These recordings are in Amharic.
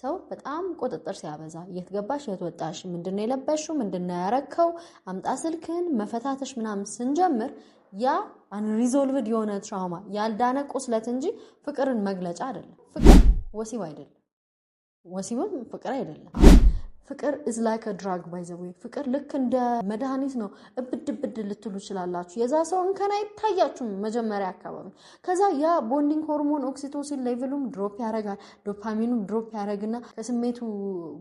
ሰው በጣም ቁጥጥር ሲያበዛ የት ገባሽ የት ወጣሽ ምንድን ነው የለበሽው ምንድን ነው ያረከው አምጣ ስልክን መፈታተሽ ምናምን ስንጀምር ያ አንሪዞልቭድ የሆነ ትራውማ ያልዳነ ቁስለት እንጂ ፍቅርን መግለጫ አይደለም ፍቅር ወሲብ አይደለም ወሲብም ፍቅር አይደለም ፍቅር ኢዝ ላይክ ድራግ ባይ ዘ ዌይ ፍቅር ልክ እንደ መድኃኒት ነው። እብድ ብድ ልትሉ ይችላላችሁ። የዛ ሰው እንከን አይታያችሁም መጀመሪያ አካባቢ። ከዛ ያ ቦንዲንግ ሆርሞን ኦክሲቶሲን ሌቭሉም ድሮፕ ያደርጋል፣ ዶፓሚኑም ድሮፕ ያደርግና ከስሜቱ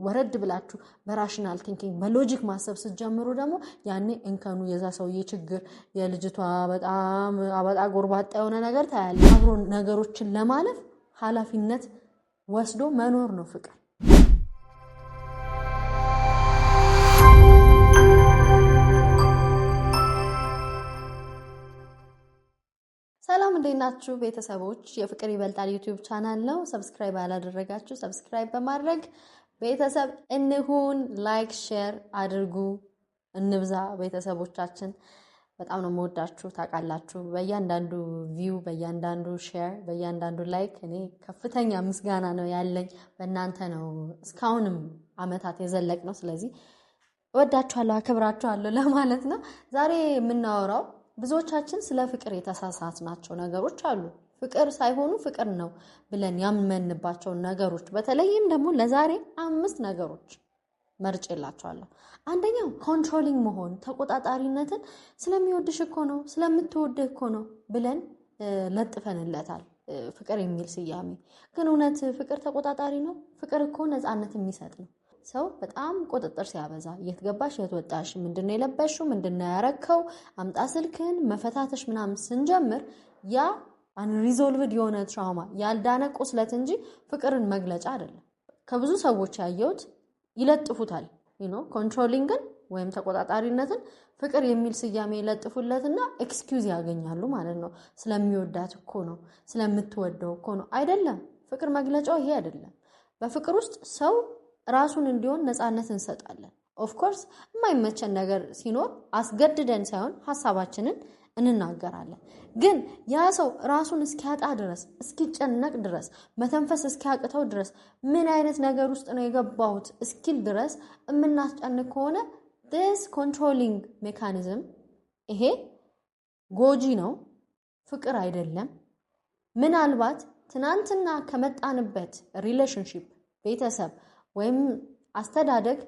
ወረድ ብላችሁ በራሽናል ቲንኪንግ በሎጂክ ማሰብ ስትጀምሩ ደግሞ ያኔ እንከኑ የዛ ሰውዬ ችግር፣ የልጅቷ በጣም አበጣ ጎርባጣ የሆነ ነገር ታያለ። አብሮ ነገሮችን ለማለፍ ኃላፊነት ወስዶ መኖር ነው ፍቅር። ናችሁ ቤተሰቦች? የፍቅር ይበልጣል ዩቲዩብ ቻናል ነው። ሰብስክራይብ ያላደረጋችሁ ሰብስክራይብ በማድረግ ቤተሰብ እንሁን። ላይክ ሼር አድርጉ፣ እንብዛ ቤተሰቦቻችን። በጣም ነው መወዳችሁ ታውቃላችሁ። በእያንዳንዱ ቪው፣ በእያንዳንዱ ሼር፣ በእያንዳንዱ ላይክ እኔ ከፍተኛ ምስጋና ነው ያለኝ። በእናንተ ነው እስካሁንም አመታት የዘለቅ ነው። ስለዚህ እወዳችኋለሁ፣ አክብራችኋለሁ ለማለት ነው። ዛሬ የምናወራው ብዙዎቻችን ስለ ፍቅር የተሳሳትናቸው ነገሮች አሉ። ፍቅር ሳይሆኑ ፍቅር ነው ብለን ያመንባቸውን ነገሮች በተለይም ደግሞ ለዛሬ አምስት ነገሮች መርጭ ላቸዋለሁ። አንደኛው ኮንትሮሊንግ መሆን ተቆጣጣሪነትን፣ ስለሚወድሽ እኮ ነው ስለምትወድህ እኮ ነው ብለን ለጥፈንለታል ፍቅር የሚል ስያሜ። ግን እውነት ፍቅር ተቆጣጣሪ ነው? ፍቅር እኮ ነፃነት የሚሰጥ ነው። ሰው በጣም ቁጥጥር ሲያበዛ የት ገባሽ የት ወጣሽ ምንድነው የለበሽው ምንድነው ያረከው አምጣ ስልክን መፈታተሽ ምናምን ስንጀምር ያ አንሪዞልቭድ የሆነ ትራውማ ያልዳነ ቁስለት እንጂ ፍቅርን መግለጫ አይደለም ከብዙ ሰዎች ያየሁት ይለጥፉታል ኮንትሮሊንግን ወይም ተቆጣጣሪነትን ፍቅር የሚል ስያሜ ይለጥፉለትና ኤክስኪውዝ ያገኛሉ ማለት ነው ስለሚወዳት እኮ ነው ስለምትወደው እኮ ነው አይደለም ፍቅር መግለጫው ይሄ አይደለም በፍቅር ውስጥ ሰው ራሱን እንዲሆን ነፃነት እንሰጣለን። ኦፍኮርስ የማይመቸን ነገር ሲኖር አስገድደን ሳይሆን ሀሳባችንን እንናገራለን። ግን ያ ሰው ራሱን እስኪያጣ ድረስ እስኪጨነቅ ድረስ መተንፈስ እስኪያቅተው ድረስ ምን አይነት ነገር ውስጥ ነው የገባሁት እስኪል ድረስ የምናስጨንቅ ከሆነ ስ ኮንትሮሊንግ ሜካኒዝም ይሄ ጎጂ ነው፣ ፍቅር አይደለም። ምናልባት ትናንትና ከመጣንበት ሪሌሽንሽፕ ቤተሰብ ወይም አስተዳደግ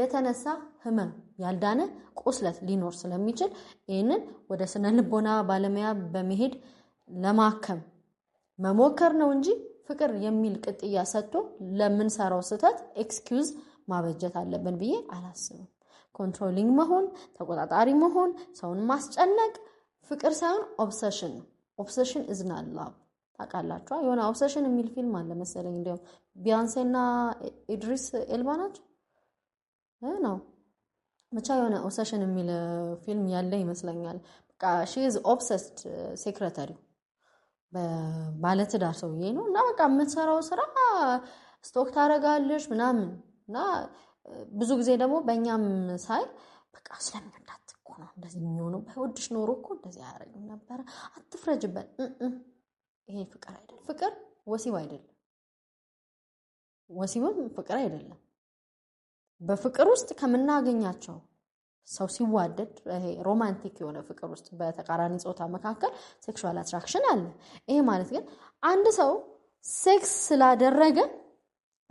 የተነሳ ህመም፣ ያልዳነ ቁስለት ሊኖር ስለሚችል ይህንን ወደ ስነ ልቦና ባለሙያ በመሄድ ለማከም መሞከር ነው እንጂ ፍቅር የሚል ቅጥያ ሰጥቶ ለምንሰራው ስህተት ኤክስኪውዝ ማበጀት አለብን ብዬ አላስብም። ኮንትሮሊንግ መሆን፣ ተቆጣጣሪ መሆን፣ ሰውን ማስጨነቅ ፍቅር ሳይሆን ኦብሰሽን ነው። ኦብሰሽን ኢዝ ታውቃላችኋ? የሆነ ኦብሰሽን የሚል ፊልም አለ መሰለኝ። እንዲያውም ቢያንሴና ኢድሪስ ኤልባ ናቸው ነው ብቻ የሆነ ኦብሰሽን የሚል ፊልም ያለ ይመስለኛል። በቃ ሺ ኢዝ ኦብሰስድ ሴክረተሪው ባለትዳር ሰውዬ ነው እና በቃ የምትሰራው ስራ ስቶክ ታደርጋለች ምናምን እና ብዙ ጊዜ ደግሞ በእኛም ሳይ በቃ ስለምንዳት እኮ ነው እንደዚህ የሚሆነው። ባይወድሽ ኖሮ እኮ እንደዚህ አያደርግም ነበረ። አትፍረጅበት ይሄ ፍቅር አይደለም። ፍቅር ወሲብ አይደለም። ወሲብም ፍቅር አይደለም። በፍቅር ውስጥ ከምናገኛቸው ሰው ሲዋደድ ይሄ ሮማንቲክ የሆነ ፍቅር ውስጥ በተቃራኒ ጾታ መካከል ሴክሹዋል አትራክሽን አለ። ይሄ ማለት ግን አንድ ሰው ሴክስ ስላደረገ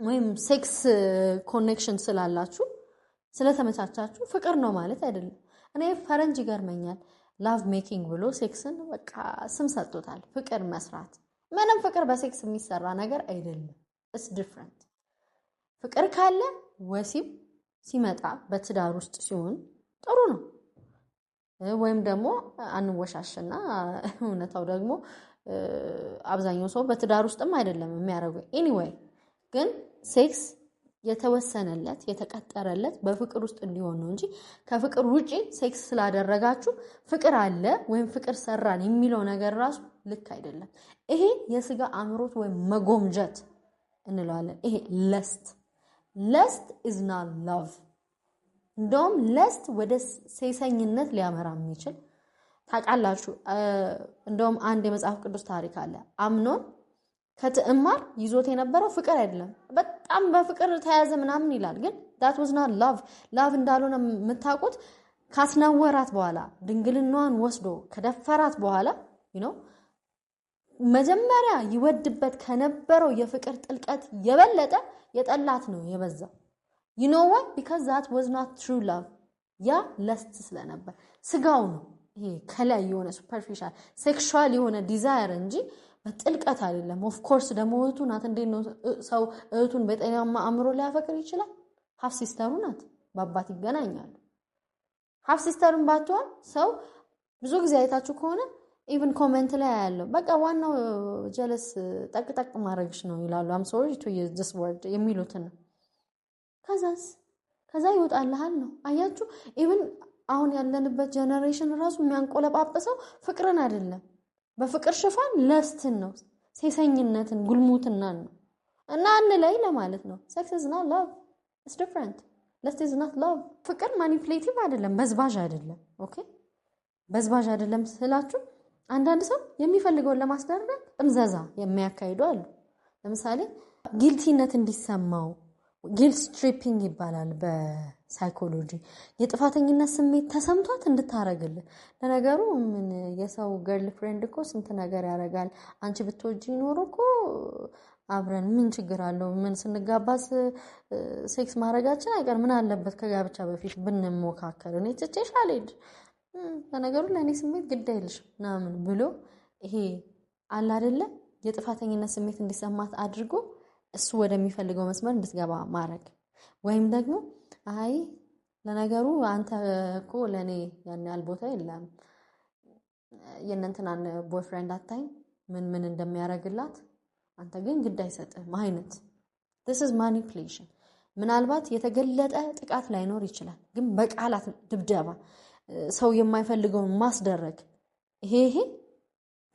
ወይም ሴክስ ኮኔክሽን ስላላችሁ ስለተመቻቻችሁ ፍቅር ነው ማለት አይደለም። እኔ ፈረንጅ ይገርመኛል። ላቭ ሜኪንግ ብሎ ሴክስን በቃ ስም ሰጥቶታል። ፍቅር መስራት ምንም ፍቅር በሴክስ የሚሰራ ነገር አይደለም። ኢስ ዲፍረንት ፍቅር ካለ ወሲብ ሲመጣ በትዳር ውስጥ ሲሆን ጥሩ ነው። ወይም ደግሞ አንወሻሽና እውነታው ደግሞ አብዛኛው ሰው በትዳር ውስጥም አይደለም የሚያደርገው። ኤኒዌይ ግን ሴክስ የተወሰነለት የተቀጠረለት በፍቅር ውስጥ እንዲሆን ነው እንጂ ከፍቅር ውጪ ሴክስ ስላደረጋችሁ ፍቅር አለ ወይም ፍቅር ሰራን የሚለው ነገር ራሱ ልክ አይደለም። ይሄ የስጋ አምሮት ወይም መጎምጀት እንለዋለን። ይሄ ለስት ለስት ኢዝ ናት ላቭ። እንደውም ለስት ወደ ሴሰኝነት ሊያመራ የሚችል ታውቃላችሁ። እንደውም አንድ የመጽሐፍ ቅዱስ ታሪክ አለ አምኖን ከትዕማር ይዞት የነበረው ፍቅር አይደለም። በጣም በፍቅር ተያዘ ምናምን ይላል፣ ግን ዳት ወዝ ናት ላቭ። ላቭ እንዳልሆነ የምታውቁት ካስነወራት በኋላ ድንግልናዋን ወስዶ ከደፈራት በኋላ ነው። መጀመሪያ ይወድበት ከነበረው የፍቅር ጥልቀት የበለጠ የጠላት ነው የበዛው። ዩኖዋ ቢካዝ ዛት ወዝ ናት ትሩ ላቭ። ያ ለስት ስለነበር ስጋው ነው ይሄ ከላይ የሆነ ሱፐርፊሻል ሴክሹዋል የሆነ ዲዛየር እንጂ በጥልቀት አይደለም። ኦፍኮርስ ደግሞ እህቱ ናት። እንዴት ነው ሰው እህቱን በጤናማ አእምሮ ሊያፈቅር ይችላል? ሀፍ ሲስተሩ ናት። በአባት ይገናኛሉ። ሀፍ ሲስተሩን ባትሆን ሰው ብዙ ጊዜ አይታችሁ ከሆነ ኢቨን ኮመንት ላይ ያለው በቃ ዋናው ጀለስ ጠቅጠቅ ማድረግሽ ነው ይላሉ። አም ሶሪ ቱ ዲስ ወርድ የሚሉትን ነው። ከዛስ ከዛ ይወጣልሃል ነው አያችሁ ኢቨን አሁን ያለንበት ጀነሬሽን ራሱ የሚያንቆለጳጵሰው ፍቅርን አይደለም። በፍቅር ሽፋን ለስትን ነው፣ ሴሰኝነትን፣ ጉልሙትናን ነው። እና አን ላይ ለማለት ነው ሴክስ ኢዝ ናት ላቭ ኢትስ ዲፍረንት ለስት ኢዝ ናት ላቭ። ፍቅር ማኒፕሌቲቭ አይደለም፣ በዝባዥ አይደለም። ኦኬ በዝባዥ አይደለም ስላችሁ አንዳንድ ሰው የሚፈልገውን ለማስደረግ ጥምዘዛ የሚያካሂዱ አሉ። ለምሳሌ ጊልቲነት እንዲሰማው ጊልት ስትሪፒንግ ይባላል በሳይኮሎጂ። የጥፋተኝነት ስሜት ተሰምቷት እንድታረግልን። ለነገሩ ምን የሰው ገርል ፍሬንድ እኮ ስንት ነገር ያደርጋል። አንቺ ብትወጂ ይኖሩ እኮ አብረን ምን ችግር አለው? ምን ስንጋባስ ሴክስ ማድረጋችን አይቀር ምን አለበት? ከጋብቻ በፊት ብንሞካከር እኔ ትቼሽ አልሄድ፣ ለነገሩ ለእኔ ስሜት ግድ አይልሽ ምናምን ብሎ ይሄ አለ አይደለ የጥፋተኝነት ስሜት እንዲሰማት አድርጎ እሱ ወደሚፈልገው መስመር እንድትገባ ማድረግ ወይም ደግሞ አይ ለነገሩ አንተ እኮ ለእኔ ያን ያህል ቦታ የለም፣ የእነንትናን ቦይፍሬንድ አታይ ምን ምን እንደሚያደርግላት አንተ ግን ግድ አይሰጥህም አይነት this is ምናልባት የተገለጠ ጥቃት ላይኖር ይችላል፣ ግን በቃላት ድብደባ፣ ሰው የማይፈልገውን ማስደረግ ይሄ ይሄ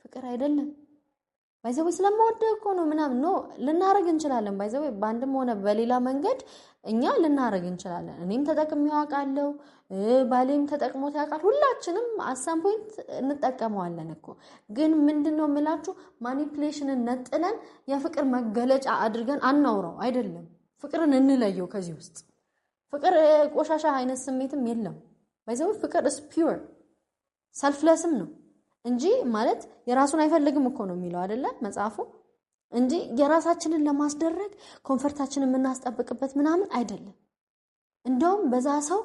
ፍቅር አይደለም። ባይዘዌ ስለማወደ እኮ ነው ምናምን ኖ ልናረግ እንችላለን። ባይዘዌ በአንድም ሆነ በሌላ መንገድ እኛ ልናረግ እንችላለን። እኔም ተጠቅሜ ያውቃለሁ፣ ባሌም ተጠቅሞት ያውቃል። ሁላችንም አሳም ፖይንት እንጠቀመዋለን እኮ ግን ምንድን ነው የምላችሁ ማኒፕሌሽንን ነጥለን የፍቅር መገለጫ አድርገን አናውረው። አይደለም ፍቅርን እንለየው ከዚህ ውስጥ ፍቅር ቆሻሻ አይነት ስሜትም የለም። ባይዘዌ ፍቅር ስፒር ሰልፍለስም ነው። እንጂ ማለት የራሱን አይፈልግም እኮ ነው የሚለው አይደለ መጽሐፉ እንጂ የራሳችንን ለማስደረግ ኮንፈርታችንን የምናስጠብቅበት ምናምን አይደለም። እንደውም በዛ ሰው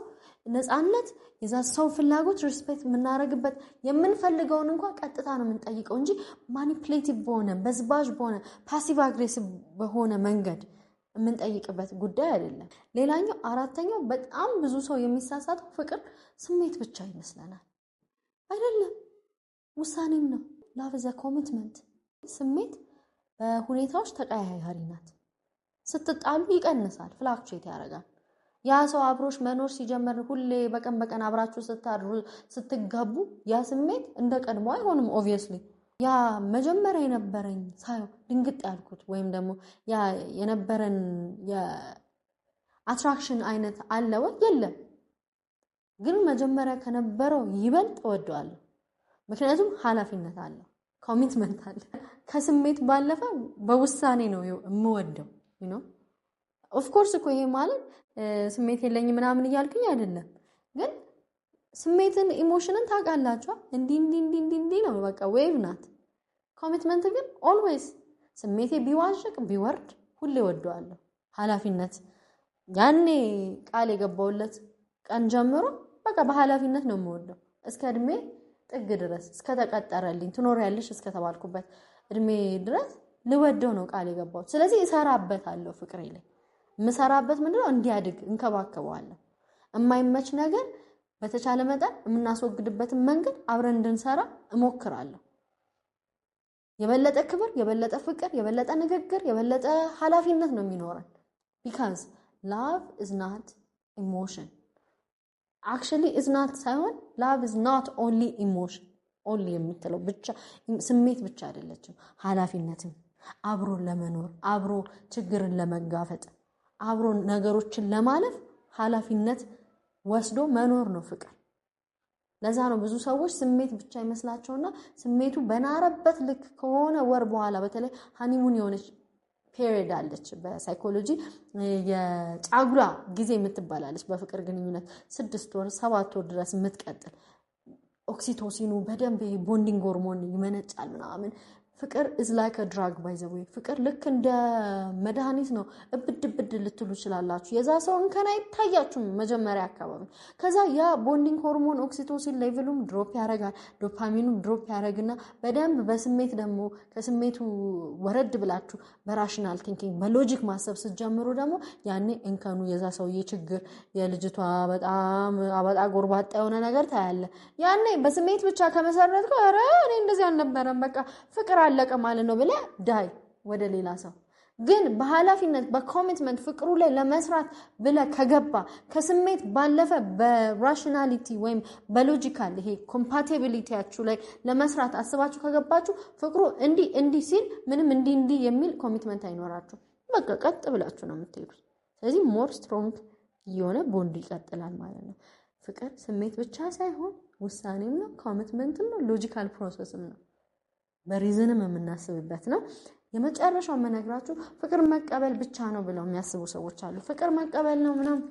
ነፃነት የዛ ሰው ፍላጎት ሪስፔክት የምናደርግበት የምንፈልገውን እንኳ ቀጥታ ነው የምንጠይቀው እንጂ ማኒፕሌቲቭ በሆነ በዝባዥ በሆነ ፓሲቭ አግሬሲቭ በሆነ መንገድ የምንጠይቅበት ጉዳይ አይደለም። ሌላኛው አራተኛው በጣም ብዙ ሰው የሚሳሳተው ፍቅር ስሜት ብቻ ይመስለናል አይደለም ውሳኔም ነው። ላቭ ዘ ኮሚትመንት። ስሜት በሁኔታዎች ተቀያያሪ ናት። ስትጣሉ ይቀንሳል፣ ፍላክቹዌት ያደርጋል። ያ ሰው አብሮች መኖር ሲጀመር ሁሌ በቀን በቀን አብራችሁ ስታድሩ ስትጋቡ ያ ስሜት እንደ ቀድሞ አይሆንም። ኦብቪየስሊ ያ መጀመሪያ የነበረኝ ሳየው ድንግጥ ያልኩት ወይም ደግሞ ያ የነበረን የአትራክሽን አይነት አለ ወይ? የለም። ግን መጀመሪያ ከነበረው ይበልጥ እወደዋለሁ። ምክንያቱም ኃላፊነት አለው፣ ኮሚትመንት አለ። ከስሜት ባለፈ በውሳኔ ነው የምወደው ኦፍኮርስ እኮ ይሄ ማለት ስሜት የለኝ ምናምን እያልኩኝ አይደለም፣ ግን ስሜትን ኢሞሽንን ታውቃላችኋ። እንዲህ ነው በቃ ዌቭ ናት። ኮሚትመንት ግን ኦልዌይስ ስሜቴ ቢዋዥቅ ቢወርድ ሁሌ ወደዋለሁ። ኃላፊነት ያኔ ቃል የገባውለት ቀን ጀምሮ በቃ በኃላፊነት ነው የምወደው እስከ እድሜ ጥግ ድረስ እስከተቀጠረልኝ ትኖሪያለሽ እስከተባልኩበት እድሜ ድረስ ልወደው ነው ቃል የገባሁት። ስለዚህ እሰራበታለሁ። ፍቅሬ ላይ የምሰራበት ምንድነው? እንዲያድግ እንከባከበዋለሁ። የማይመች ነገር በተቻለ መጠን የምናስወግድበትን መንገድ አብረን እንድንሰራ እሞክራለሁ። የበለጠ ክብር፣ የበለጠ ፍቅር፣ የበለጠ ንግግር፣ የበለጠ ኃላፊነት ነው የሚኖረን ቢካዝ ላቭ ኢዝ ናት ኢሞሽን አክቹዋሊ ኢዝ ናት ሳይሆን ላቭ ኢዝ ናት ኦንሊ ኢሞሽን ኦንሊ የምትለው ብቻ ስሜት ብቻ አይደለችም። ኃላፊነትም አብሮ ለመኖር አብሮ ችግርን ለመጋፈጥ አብሮ ነገሮችን ለማለፍ ኃላፊነት ወስዶ መኖር ነው ፍቅር። ለዛ ነው ብዙ ሰዎች ስሜት ብቻ ይመስላቸውና ስሜቱ በናረበት ልክ ከሆነ ወር በኋላ በተለይ ሀኒሙን የሆነች ፔሪድ አለች በሳይኮሎጂ የጫጉላ ጊዜ የምትባላለች። በፍቅር ግንኙነት ስድስት ወር ሰባት ወር ድረስ የምትቀጥል ኦክሲቶሲኑ በደንብ ቦንዲንግ ሆርሞን ይመነጫል ምናምን ፍቅር ኢዝ ላይክ ድራግ ባይ ዘ ዌይ ፍቅር ልክ እንደ መድኃኒት ነው። እብድ እብድ ልትሉ ይችላላችሁ። የዛ ሰው እንከን አይታያችሁም መጀመሪያ አካባቢ። ከዛ ያ ቦንዲንግ ሆርሞን ኦክሲቶሲን ሌቭሉም ድሮፕ ያደርጋል፣ ዶፓሚኑም ድሮፕ ያደርግና በደንብ በስሜት ደግሞ ከስሜቱ ወረድ ብላችሁ በራሽናል ቲንኪንግ በሎጂክ ማሰብ ስትጀምሩ ደግሞ ያኔ እንከኑ የዛ ሰውዬ ችግር የልጅቷ በጣም አበጣ ጎርባጣ የሆነ ነገር ታያለ። ያኔ በስሜት ብቻ ከመሰረት ከረ እኔ እንደዚህ አልነበረም በቃ ፍቅር አለቀ ማለት ነው ብለ ዳይ ወደ ሌላ ሰው ግን በኃላፊነት በኮሚትመንት ፍቅሩ ላይ ለመስራት ብለ ከገባ ከስሜት ባለፈ በራሽናሊቲ ወይም በሎጂካል ይሄ ኮምፓቲቢሊቲያችሁ ላይ ለመስራት አስባችሁ ከገባችሁ ፍቅሩ እንዲህ እንዲህ ሲል ምንም እንዲህ እንዲህ የሚል ኮሚትመንት አይኖራችሁ። በቃ ቀጥ ብላችሁ ነው የምትሄዱት። ስለዚህ ሞር ስትሮንግ የሆነ ቦንድ ይቀጥላል ማለት ነው። ፍቅር ስሜት ብቻ ሳይሆን ውሳኔም ነው፣ ኮሚትመንትም ነው፣ ሎጂካል ፕሮሰስም ነው። በሪዝንም የምናስብበት ነው። የመጨረሻው የምነግራችሁ ፍቅር መቀበል ብቻ ነው ብለው የሚያስቡ ሰዎች አሉ። ፍቅር መቀበል ነው ምናምን፣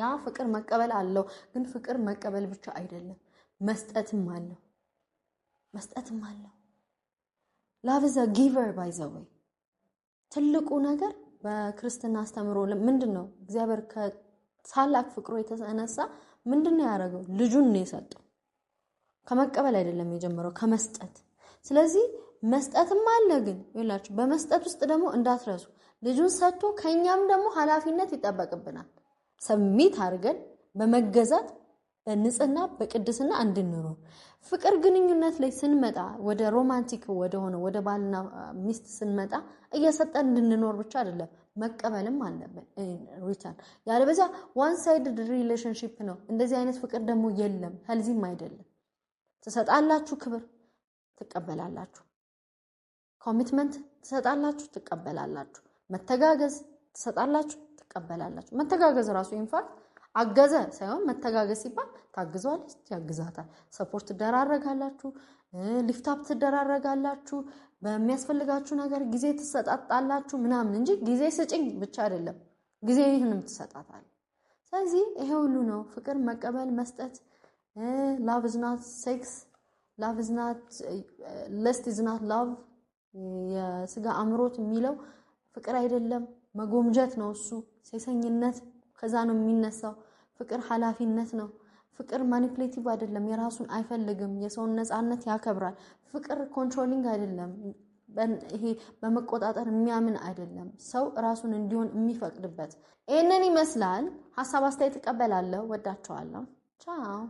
ያ ፍቅር መቀበል አለው፣ ግን ፍቅር መቀበል ብቻ አይደለም፣ መስጠትም አለው። መስጠትም አለው። ላቭ ዘ ጊቨር ባይ ዘ ወይ ትልቁ ነገር በክርስትና አስተምሮ ምንድን ነው? እግዚአብሔር ከታላቅ ፍቅሩ የተነሳ ምንድን ነው ያደረገው? ልጁን ነው የሰጠው። ከመቀበል አይደለም የጀመረው ከመስጠት ስለዚህ መስጠትም አለ። ግን ይላችሁ በመስጠት ውስጥ ደግሞ እንዳትረሱ ልጁን ሰጥቶ ከእኛም ደግሞ ኃላፊነት ይጠበቅብናል። ሰሚት አድርገን በመገዛት በንጽህና በቅድስና እንድንኖር። ፍቅር ግንኙነት ላይ ስንመጣ ወደ ሮማንቲክ ወደሆነ ወደ ባልና ሚስት ስንመጣ እየሰጠን እንድንኖር ብቻ አይደለም መቀበልም አለብን ሪቻን። ያለበዚያ ዋን ሳይድድ ሪሌሽንሽፕ ነው። እንደዚህ አይነት ፍቅር ደግሞ የለም፣ ከልዚህም አይደለም። ትሰጣላችሁ ክብር ትቀበላላችሁ። ኮሚትመንት ትሰጣላችሁ፣ ትቀበላላችሁ። መተጋገዝ ትሰጣላችሁ፣ ትቀበላላችሁ። መተጋገዝ ራሱ ኢንፋክት አገዘ ሳይሆን መተጋገዝ ሲባል ታግዟለች፣ ያግዛታል። ሰፖርት ትደራረጋላችሁ፣ ሊፍታፕ ትደራረጋላችሁ፣ በሚያስፈልጋችሁ ነገር ጊዜ ትሰጣጣላችሁ ምናምን እንጂ ጊዜ ስጭኝ ብቻ አይደለም፣ ጊዜ ይህንም ትሰጣታል። ስለዚህ ይሄ ሁሉ ነው ፍቅር፣ መቀበል፣ መስጠት ላቭ ኢዝ ናት ሴክስ ላቭ ኢዝ ናት ለስት ኢዝ ናት ላቭ የስጋ አምሮት የሚለው ፍቅር አይደለም፣ መጎምጀት ነው። እሱ ሴሰኝነት ከዛ ነው የሚነሳው። ፍቅር ኃላፊነት ነው። ፍቅር ማኒፕሌቲቭ አይደለም፣ የራሱን አይፈልግም፣ የሰውን ነፃነት ያከብራል። ፍቅር ኮንትሮሊንግ አይደለም፣ ይሄ በመቆጣጠር የሚያምን አይደለም። ሰው ራሱን እንዲሆን የሚፈቅድበት ይህንን ይመስላል። ሀሳብ አስተያየት እቀበላለሁ። ወዳቸዋለሁ። ቻው